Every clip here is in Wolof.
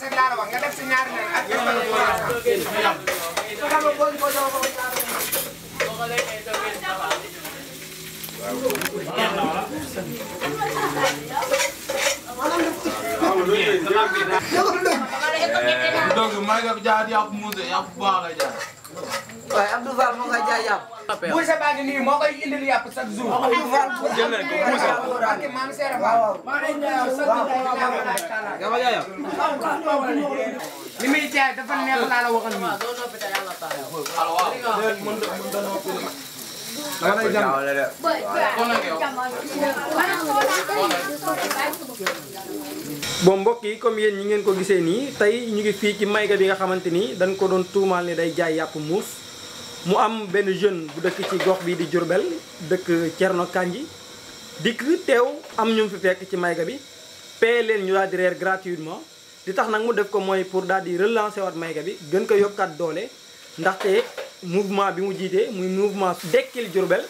set laa la wax nga def si ñaari nen ak yéen a ngi ko def waaye Abdou Fall moo ngay jaay yàpp. Moussa Ba ngi nii moo koy indil yàpp chaque jour. Abdou Fall jël nañ ko Moussa. ak maam Seera Fall. nga ma jaay yàpp. li muy jaay dafa neex laa la waxal nii. da ngay jàng bon mbokk yi comme yéen ñi ngeen ko gisee nii tey ñu ngi fii ci mayga bi nga xamante ni dañ ko doon tuumaal ni day jaay yàpp muus mu am benn jeune bu dëkk ci gox bii di Diourbel dëkk Thierno Kandji dikk teew am ñu fi fekk ci mayga bi paye leen ñu daal di reer gratuitement li tax nag mu def ko mooy pour daal di relancer waat mayga bi gën ko yokkaat doole ndaxte mouvement bi mu jiitee muy mouvement dekkil Diourbel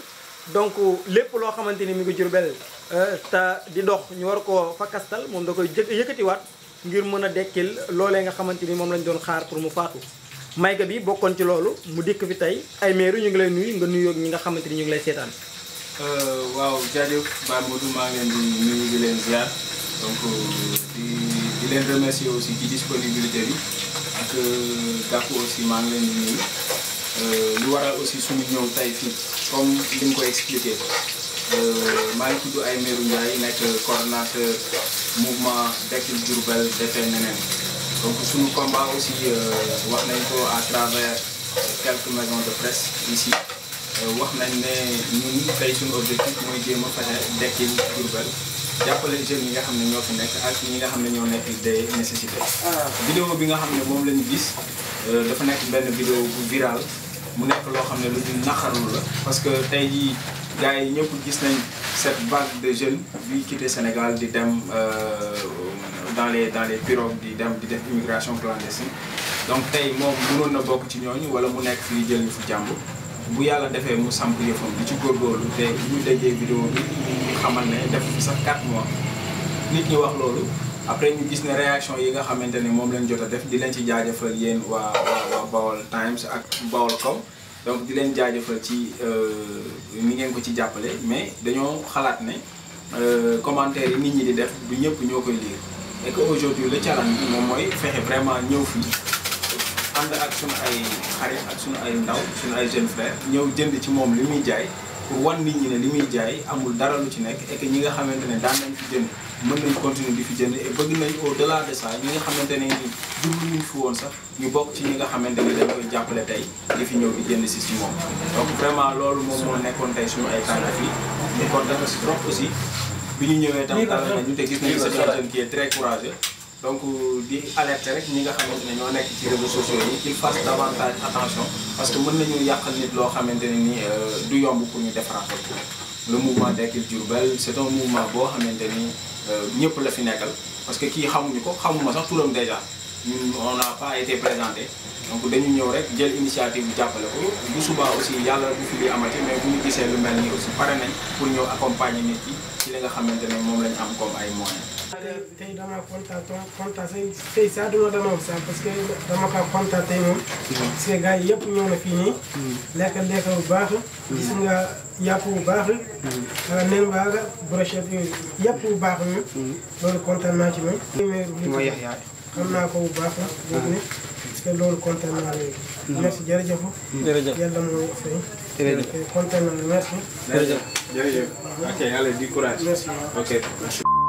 donc lépp loo xamante ni mi ngi Jurbel euh, te di dox ñu war koo fakastal moom da koy jë yëkkatiwaat ngir mën a dekkil loolee nga xamante ni moom lañ doon xaar pour mu faatu Mayga bi bokkoon ci loolu mu dikk fi tey ay maire ñu ngi lay nuyu nga nuyoog ñi nga xamante ni ñu ngi lay seetaan euh, waaw jaajëf Ba Modou maa ngi leen di nuyu di leen ziar donc euh, di leen remercier ci disponibilité ak Gakou aussi maa ngi leen di nuyu Euh, lu waral aussi suñu ñëw tey fii comme li nga ko expliqué euh, maa ngi tudd Aymerou Ndiaye nekk coordonnateur mouvement Dekkil Diourbel Defee Neneen donc suñu combat aussi euh, wax nañ ko à travers quelques maisons de presse ici wax nañ ne ñun tey suñu objectif mooy jéem a fexe Dekkil Diourbel jàppale jeunes yi nga xam ne ñoo fi nekk ak ñi nga xam ne ñoo nekk des nécessités ah. vidéo bi nga xam ne moom lañu gis Euh, dafa nekk benn vidéo bu viral mu nekk loo xam ne lu ñu naqarlu la parce que tey jii gars yi ñëpp gis nañ cette vague de jeunes yuy quitté Sénégal di dem euh, dans les dans les pirogues di dem di def immigration clandestine donc tey moom mënoon na bokk ci ñooñu wala mu nekk fii jël ñu fu jàmb bu yàlla defee mu samp yëfam di ci góorgóorlu te lu ñu dajee vidéo bi ñu xamal ne def fi sax 4 mois nit ñi wax loolu après ñu gis ne réaction yi nga xamante ne moom lañ jot a def di leen ci jaajëfal yéen waa waa Baol Times ak Baolcom donc di leen jaajëfal ci euh, ni ngeen ko ci jàppale mais dañoo xalaat ne euh, commentaire yi nit ñi di def du ñëpp ñoo koy lire et que aujourd'hui le challenge moom mooy fexe vraiment ñëw fii ànd ak sunu ay xarit ak sunu ay ndaw sunu ay jeunes frères ñëw jënd ci moom li muy jaay. pour wan nit ñi ne li muy jaay amul dara lu ci nekk et ñi nga xamante ne daan nañ fi jënd mën nañ continuer di fi jënd et bëgg nañ au delà de ñi nga xamante ne ni jublu ñu fi woon sax ñu bokk ci ñi nga xamante ni dañ jàppale tey di fi ñëw di jënd si si moom donc vraiment loolu moom moo nekkoon tey suñu ay tànk fii ñu kontaan si trop aussi bi ñu ñëwee tam dal nañu te gis nañu c'est un jeune qui est donc di alerter rek ñi nga xamante ne ñoo nekk ci réseaux sociaux yi qu'ils fassent davantage attention parce que mën nañu yàqal nit loo xamante ne ni euh, du yomb pour ñu defaraat ko le mouvement Dekkil Diourbel c'est un mouvement boo xamante ni euh, ñëpp la fi nekkal parce que kii xamuñu ko xamuma sax turam déjà ñun on n'a pas été présenté donc dañu ñëw rek jël initiative jàppale ko bu subaa aussi yàlla bu fi li amati mais bu ñu gisee lu mel nii aussi pare nañ pour ñëw accompagner nit ki ci li nga xamante ne moom lañ am comme ay moyens tey damaa kontaan kontaan tey sax duma danoon sax parce que dama ko kontaan tey moom. Mm-hmm. parce que gars yi yëpp ñoo na fii nii. Mm-hmm. lekk lekk bu baax. Mm-hmm. gis nga yàpp bu baax. Euh, nen baax la brochette yooyu yëpp bu baax la. loolu kontaan bu baax la. léegi ah. nag parce que loolu kontaan naa léegi. merci courage. merci